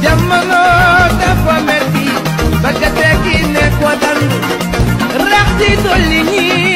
jamono dafa metti ba ka tekki ne ko dandu rax di dolli ñi